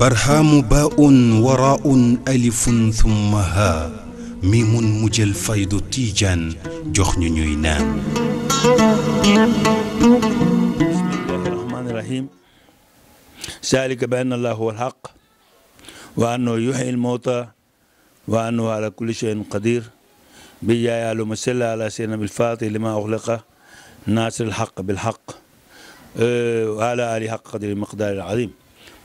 برهام باء وراء ألف ثم ها ميم مجل فيض تيجان جخن نينان بسم الله الرحمن الرحيم سألك بأن الله هو الحق وأنه يحيي الموتى وأنه على كل شيء قدير بيا يا مسلا على سيدنا بالفاتح لما أغلقه ناصر الحق بالحق وعلى آه علي حق قدر المقدار العظيم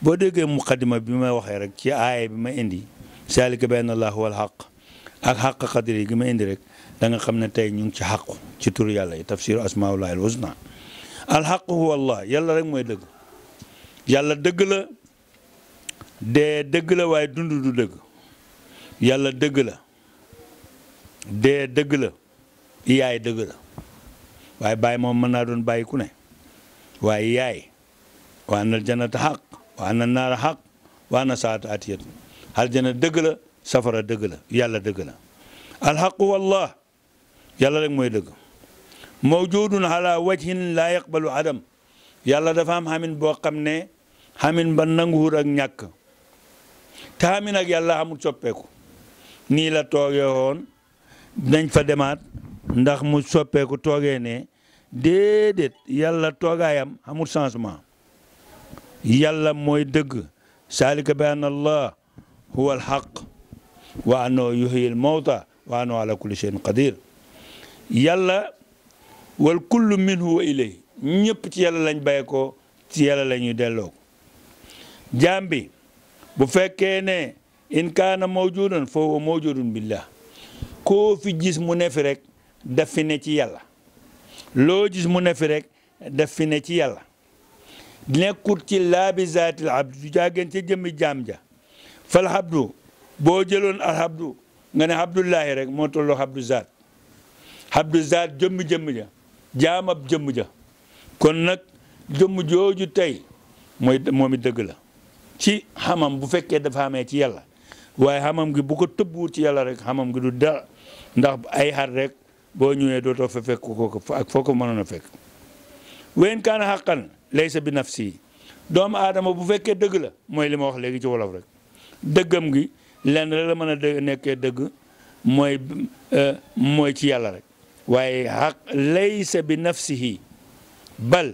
بودي مقدمة بما وخيرك كي آية بما عندي سالك بأن الله هو الحق الحق قدر بما عندك لأن خمنا تاي نيون كي حق كي تفسير أسماء الله الوزنى الحق هو الله يلا رمو يدق يلا دقل دي دقل واي دندو دو دق يلا دقل دي دقل إياي دقل waaye bàyyi moom mën naa doon bàyyi ku ne waaye yaay wa anna aljanata xaq wa anna naara xaq wa anna saata atiyat aljana dëgg la safara dëgg la yàlla dëgg la alxaqu wallah yàlla rek mooy dëgg mawjudun ala wajhin laa yaqbalu adam yàlla dafa am xamin boo xam ne xamin ba nanguwul ak ñàkk te xamin ak yàlla amul soppeeku nii la toogee woon nañ fa demaat ndax mu soppeeku toogee ne déedéet yàlla toogaayam amul changement yàlla mooy dëgg saalika bi anna allah huwa alxaq wa annahu yuhyi almawta wa annahu ala kulli shay'in qadir yàlla wal kullu minhu wa ilay ñëpp ci yàlla lañ bàyyi ko ci yàlla la ñuy delloo jaam bi bu fekkee ne in kaana mawjudan fa huwa mawjudun billah koo fi gis mu ne fi rek daf fi ne ci yàlla loo gis mu ne fi rek def fi ne ci yàlla nekkut ci laa bi zaatil abdu du jàggeen ca jëmmi jaam ja fal habdu boo jëloon al habdu nga ne habdullahi rek moo tolloo habdu zaat habdu zaat jëmm jëmm ja jaam ab jëmm ja kon nag jëmm jooju tey mooy moom it dëgg la ci xamam bu fekkee dafa amee ci yàlla waaye xamam gi bu ko tëbbuwut ci yàlla rek xamam gi du dara ndax ay xar rek boo ñëwee dootoo fekk ko ak foo ko mën a fekk weyn kaana xaqan laysa bi nafsi doomu aadama bu fekkee dëgg la mooy li ma wax léegi ci wolof rek dëggam gi lenn la mën a nekkee dëgg mooy euh, mooy ci yàlla rek waaye xaq laysa bi nafsihi bal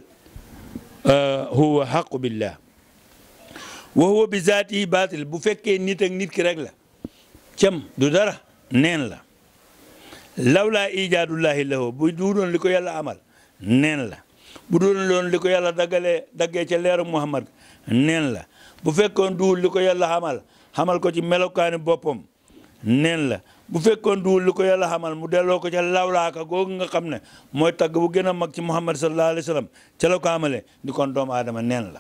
euh, huwa xaqu billah wa huwa bi zaatihi baatil bu fekkee nit ak nit ki rek la cam du dara neen la lawlaa ijaadullahi lahu bu duudoon li ko yàlla amal neen la bu duudoon loon li ko yàlla daggalee daggee ca leeru Muhammad neen la bu fekkoon duul li ko yàlla xamal xamal ko ci melokaani boppam neen la bu fekkoon duul li ko yàlla xamal mu delloo ko ca lawlaaka googu nga xam ne mooy tagg bu gën a mag ci Muhammad sallallahu alayhi wa sallam ca la kon doomu aadama neen la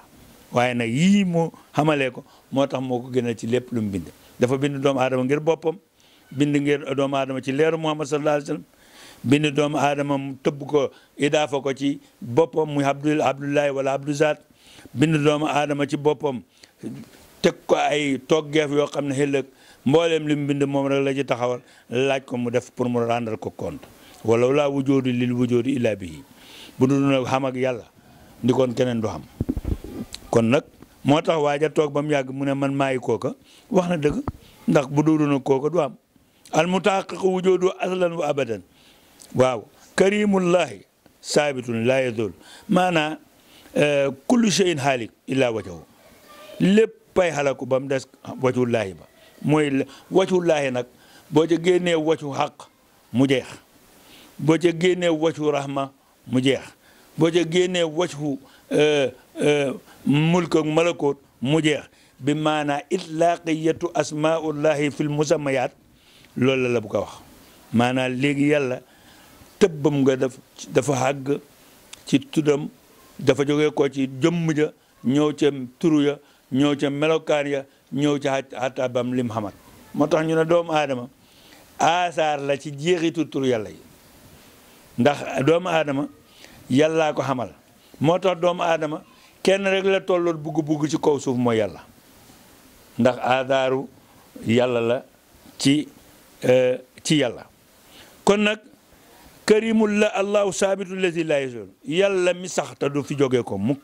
waaye nag yii mu xamalee ko moo tax moo ko gënal ci lépp lu mu bind dafa bind doom aadama ngir boppam bind ngeen doomu adama ci leeru Muhammad sallallahu alayhi wa sallam bind doomu aadama mu ko idaafa ko ci boppam muy abdul abdullahi wala abdu zaat bind doomu aadama ci boppam teg ko ay toog geef yoo xam ne xëllëg mboolem li mu moom rek la ci taxawal laaj ko mu def pour mu rendre ko compte wala laa wujoodi lil wujoodi illaa bihi bu dul nag xam ak yàlla ndi kon keneen du xam kon nag moo tax waaja toog ba mu yàgg mu ne man maayi kooka wax na dëgg ndax bu dul nag kooka du am al mutahaqqiqu wujudu aslan wa abadan waaw karimullahi saabitun laa yazul maanaa eh, kullu shay'in haalik illaa wajahu léppay xalaku ba mu des wajullaahi ba mooy wajullaahi nag boo ca génnee wacu xaq mu jeex boo ca génnee wacu rahma mu jeex boo ca génnee wacu eh, eh, mulk ak malakoot mu jeex bi maanaa itlaaqiyatu asmaullahi fi lmusammayaat loolu la la bu ko wax maanaam léegi yàlla tëbbam nga def dafa àgg ci tuddam dafa jógee ko ci jëmm ja ñëw ca turu ya ñëw ca melokaan ya ñëw ca xattabam lim xamat moo tax ñu ne doomu aadama aasaar la ci jeexitu turu yàlla yi ndax doomu aadama yàllaa ko xamal moo tax doomu aadama kenn rek la tolloon bugg-bugg ci kaw suuf mooy yàlla ndax aadaaru yàlla la ci ci yàlla kon nag karimul la allahu saabitu lazi laa yazul yàlla mi sax te du fi jógee ko mukk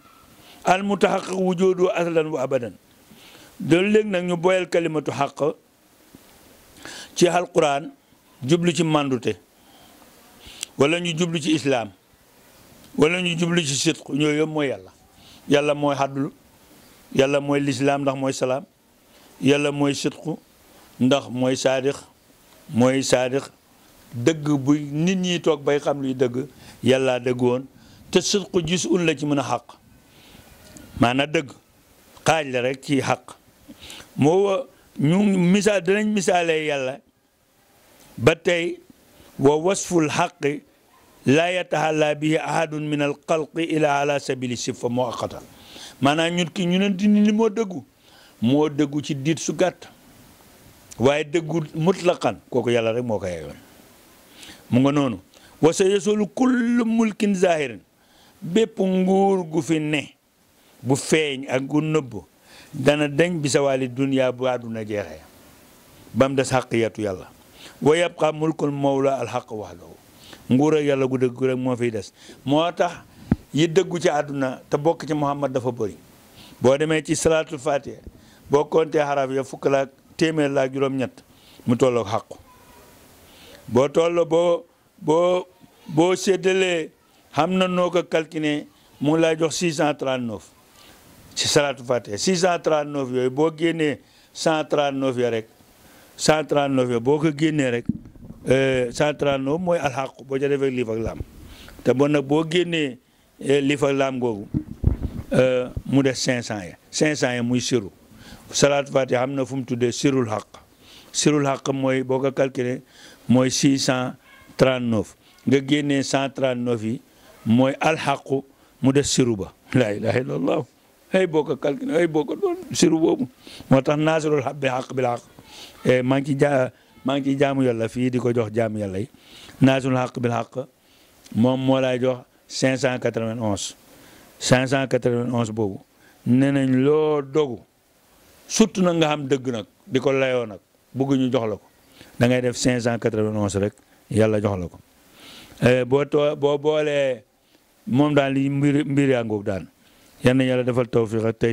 al mutaxaqiq wujudu aslan wa abadan de léegi nag ñu boyal kalimatu xaq ci alquran jublu ci mandute wala ñu jublu ci islaam wala ñu jublu ci sidq ñooyu yëpp mooy yàlla yàlla mooy xaddul yàlla mooy lislaam ndax mooy salaam yàlla mooy sidq ndax mooy saadix moy sadiq deug bu nit ñi tok bay xam luy deug yalla deug won te sidqu gis un la ci mëna haq mana deug xaj la rek ci haq mo ñu misal danañ misale yàlla ba tay wa wasful xaqi la yatahalla bihi ahad min al xalqi ila ala sabil sif moo mana ñut ki ñu neen di ni mo dëggu mo dëggu ci dit su gatta waaye dëggu mutlaqan kooku yàlla rek moo ko yeyoon mu nga noonu wa sa yasulu kullu mulkin zahirin bépp nguur gu fi ne bu feeñ ak gu nëbb dana dañ bi sa wàlli dunia bu àdduna jeexee ba mu des xaqiyatu yàlla wa yabqa mulkul mawla alxaq waxdahu nguur ak yàlla gu dëgg rek moo fiy des moo tax yi dëggu ci àdduna te bokk ci Muhammad dafa bëri boo demee ci salaatul fatiha boo xaraf ya fukk la ak téeméer laa juróom-ñett mu tolloo xàqu boo tolloo boo boo boo séddalee xam na noo ko calculé mu ngi lay jox 639 ci salaatu fatiha 639 yooyu boo génnee 139 ya rek 139 ya boo ko génnee rek 139 euh, mooy alxàqu boo ca defee liif ak laam te bon nag boo génnee euh, liif ak laam googu euh, mu des 500 ya 500 ya muy siru salat fatiha amna fum fu sirul haq sirul haq moy boo calculer moy 639 nga génnee 139 yi moy al haq mu des siruba la ilaha illallah ay boo calculer calculé ay don siru bobu moo tax haq bi haq bil haq e man ki ja man ki jamu yàlla fi diko jox jaamu yàlla yi haq bil haq mom mo lay jox 591 591 bobu nenañ lo dogu surtout na nga xam dëgg nag di ko layoo nag bëgg ñu jox la ko da ngay def 591 rek yàlla jox la ko eh, boo too boo boolee moom daal li mbir mbir yaa ngoog daan yal na defal tawfiq ak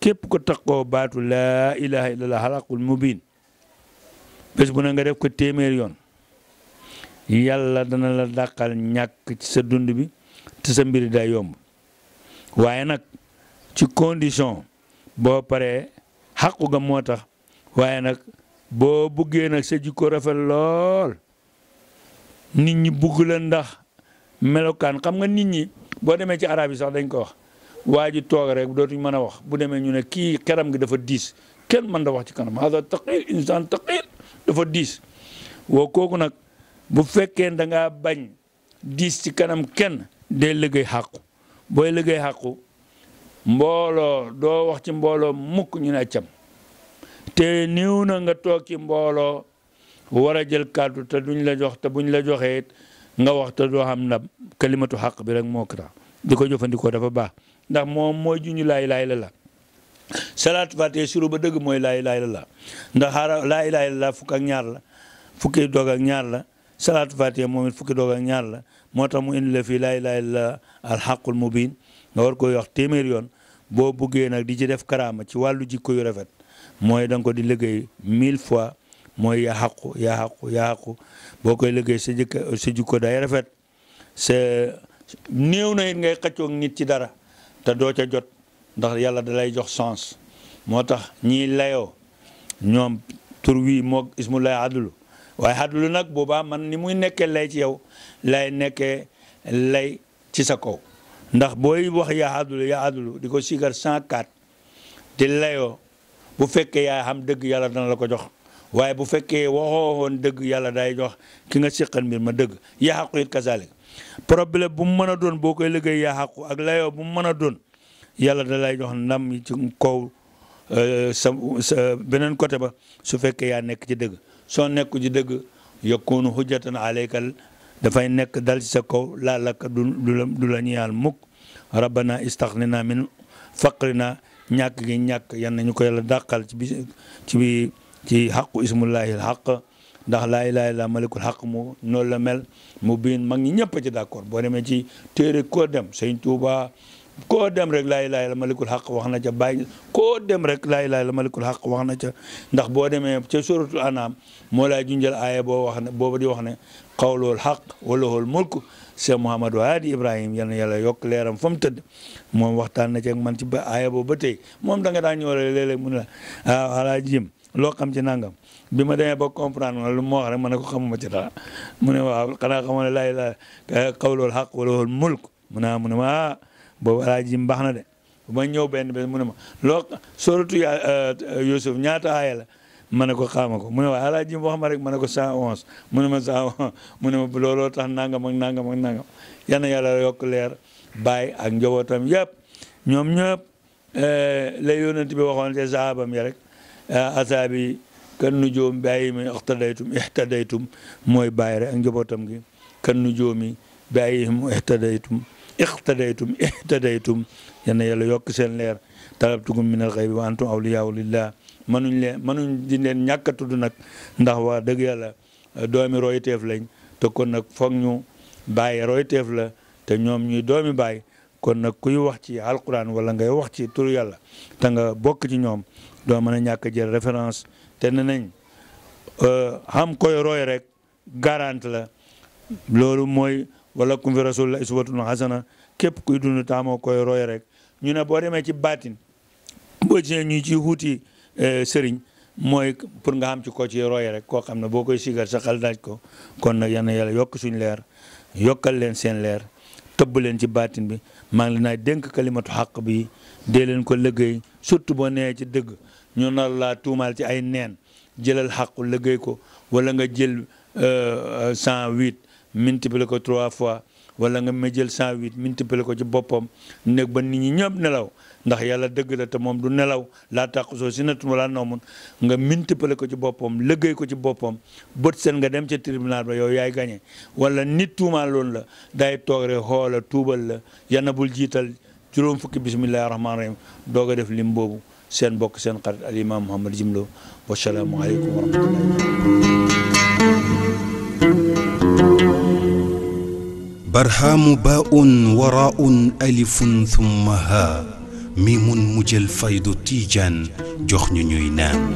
képp ko takkoo baatu laa ilaha illallah xalaqul mubin bés bu na nga def ko téeméer yoon yàlla dana la dàqal ñàkk ci sa dund bi te sa mbir day yomb waaye nag ci condition boo paree xaqu ga moo tax nak nag boo buggee nag sa jikko rafet lool nit ñi bugg la ndax melokaan xam nga nit ñi boo demee ci arab yi sax dañ ko wax waa ji rek wax bu ñu ne gi dafa diis kenn mën da wax ci kanam hada taqil insan taqil dafa diis woo kooku nak bu fekkee da ngaa bañ diis ci kanam kenn day liggéey xàqu mbooloo doo wax ci mbooloo mukk ñu ne cam te niw na nga toog mbooloo wara a jël kàddu te duñ la jox te buñ la joxee nga wax te doo xam ndam kalimatu xaq bi rek moo kra di ko jëfandikoo dafa baax ndax moo mooy juñu laay laay la la salaat fàtte suru ba dëgg mooy lay laay la la ndax xaaral laay laay la la fukk ak ñaar la fukki doog ak ñaar la salaatu fatiha moom it fukki doog ak ñaar la moo tax mu indi la fii laa ilaaha illa alxaqul mubin nga war koy wax téeméer yoon boo buggee nag di ci def karaama ci wàllu jikko yu rafet mooy da ko di liggéey mille fois mooy yaa xaqu yaa xaqu yaa xaqu boo koy liggéey si jikko sa jikko day rafet sa néew na it ngay xëccoog ngit ci dara te doo ca jot ndax yàlla da lay jox sens moo tax ñiy layoo ñoom tur wi moog ismu adulu waaye xadlu nag boobaa man ni muy nekkee lay ci yow lay nekkee lay ci sa kaw ndax booy wax yaa xadlu yaa xadlu di ko sigar 104 di layoo bu fekkee yaa xam dëgg yàlla dana la ko jox waaye bu fekkee waxoowoon dëgg yàlla day jox ki nga siqal mbir ma dëgg yaa xaqu it kasaalik problème bu mu mën a doon boo koy liggéey yaa xaqu ak layo bu mu mën a doon yàlla da lay jox ndam ci kaw euh, sa sa beneen côté ba su fekkee yaa nekk ci dëgg soo nekku ci dëgg yakunu hujjatan alaykal dafay nekk dal ci sa kaw laa lakka du du la ñuyaal mukk rabbana istaxnina min faqrina ñàkk gi ñàkk yan nañu ko yàlla dàqal ci bi ci bi ci xaqu ismullahil xaq ndax laa ilaaha illa malikul xaq mu noonu la mel mu biin mag ñi ñëpp ci d'accord boo demee ci téere koo dem sëñ Tuuba koo dem rek laa ilaaha illa malikul xaq wax na ca bàyyi koo dem rek laa ilaaha illa malikul xaq wax na ca ndax boo demee ca suratul anaam moo laa junjal aaya boo wax ne booba di wax ne xawlool xaq walahool mulk Cheikh Mouhamadou Haadi Ibrahim yal na yàlla yokk leeram fa mu tëdd moom waxtaan na ceeg man ci ba aaya boobu ba tey moom da nga daan ñëw rek léeg-léeg mu ne la ah alaa jim loo xam ci nangam bi ma demee ba comprendre ma lu ma wax rek ma ne ko xamuma ci dara mu ne waaw xanaa xamoo ne laa ilaaha xawlool xaq walahool mulk mu ne ah, mu ne ma ah, boobu alaaji ji mbaax de ba ñëw benn bés mu ne ma loo sóoratu ya yusuf ñaata aaya la ma ne ko xaama ko mu ne waaye alaaji ji wax ma rek ma ne ko 111 mu ne ma 111 mu ne ma looloo tax nangam ak nangam ak nangam yana na yàlla yokk leer bàyyi ak njabootam yëpp ñoom ñëpp la yonent bi waxoon te sahabam ya rek asaabi kan nu joom bàyyi mi ixtadaytum ixtadaytum mooy bàyyi rek ak njabootam gi kan nu joomi bàyyi mu ixtadaytum iqtadaytum ihtadaytum yal na yàlla yokk seen leer talabtukum minal xaybi wa antum awliyaa lillah mënuñ leen mënuñ di leen tudd nag ndax wa dëgg yàlla eh, doomi royteef lañ te kon nag foog ñu bàyyi royteef la te ñoom ñuy doomi bàyyi kon nag kuy wax ci alquran wala ngay wax ci turu yàlla te nga bokk ci ñoom doo mën a ñàkk jël référence te ne nañ eh, koy roy rek garant la loolu mooy wala kum fi rasulullah uswatun hasana képp kuy dund taamoo koy roy rek ñu ne boo demee ci baatin boo gisee ñu ci xuuti eh, sëriñ mooy pour nga xam ci ko ci roy rek koo xam ne boo koy sigar sa xel daaj ko kon nag yal na yàlla yokk suñu leer yokkal leen seen leer tëbb leen ci baatin bi maa ngi leen dénk kalimatu xaq bi dee leen ko liggéey surtout boo nee ci dëgg ñu na laa tuumaal ci ay neen jëlal xaqu liggéey ko wala nga jël 108 eh, eh, multiplier ko trois fois wala nga ma jël cent huit multiplier ko ci boppam nekk ba ni ñi ñëpp nelaw ndax yàlla dëgg la te moom du nelaw laa tàq soo si natu wala noomun nga multiplier ko ci boppam liggéey ko ci boppam bët seen nga dem ca tribunal ba yow yaay gagné wala nit tuumaa loonu la day toog rek xoola tuubal la yana bul jiital juróom fukki bisimillahi rahmaani rahim doog a def lim boobu seen bokk seen xarit al imam Mouhamed Jimlo wasalaamualeykum أرحام باء وراء ألف ثم ها ميم مجل فيض تيجان جخن نينان